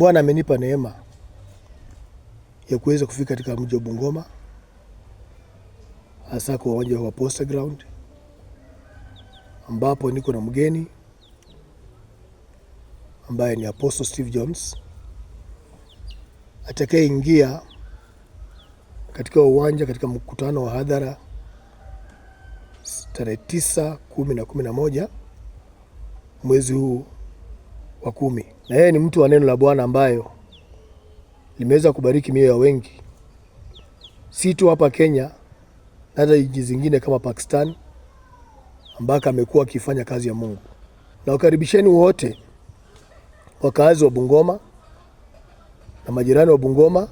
Bwana amenipa neema ya kuweza kufika katika mji wa Bungoma, hasa kwa uwanja wa Posta Ground ambapo niko na mgeni ambaye ni Apostle Steve Jones atakayeingia katika uwanja katika mkutano wa hadhara tarehe tisa, kumi na kumi na moja mwezi huu wa kumi na yeye ni mtu wa neno la Bwana ambayo limeweza kubariki mioyo ya wengi, si tu hapa Kenya na hata nchi zingine kama Pakistan ambako amekuwa akifanya kazi ya Mungu. Na wakaribisheni wote wakazi wa Bungoma na majirani wa Bungoma,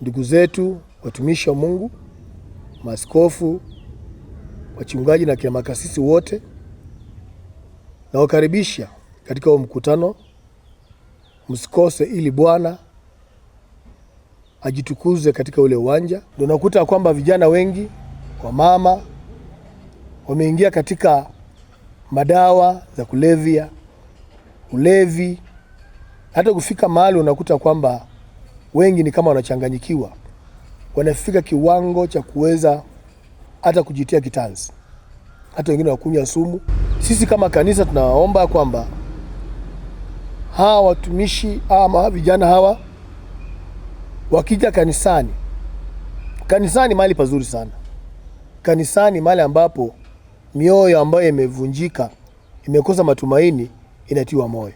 ndugu zetu watumishi wa Mungu, maaskofu, wachungaji na kina makasisi wote, na wakaribisha katika huo mkutano. Msikose ili Bwana ajitukuze katika ule uwanja. Ndio nakuta kwamba vijana wengi kwa mama wameingia katika madawa za kulevya, ulevi, hata kufika mahali unakuta kwamba wengi ni kama wanachanganyikiwa, wanafika kiwango cha kuweza hata kujitia kitanzi, hata wengine wakunywa sumu. Sisi kama kanisa tunawaomba kwamba hawa watumishi ama vijana hawa wakija kanisani, kanisani mahali pazuri sana. Kanisani mahali ambapo mioyo ambayo imevunjika, imekosa matumaini, inatiwa moyo.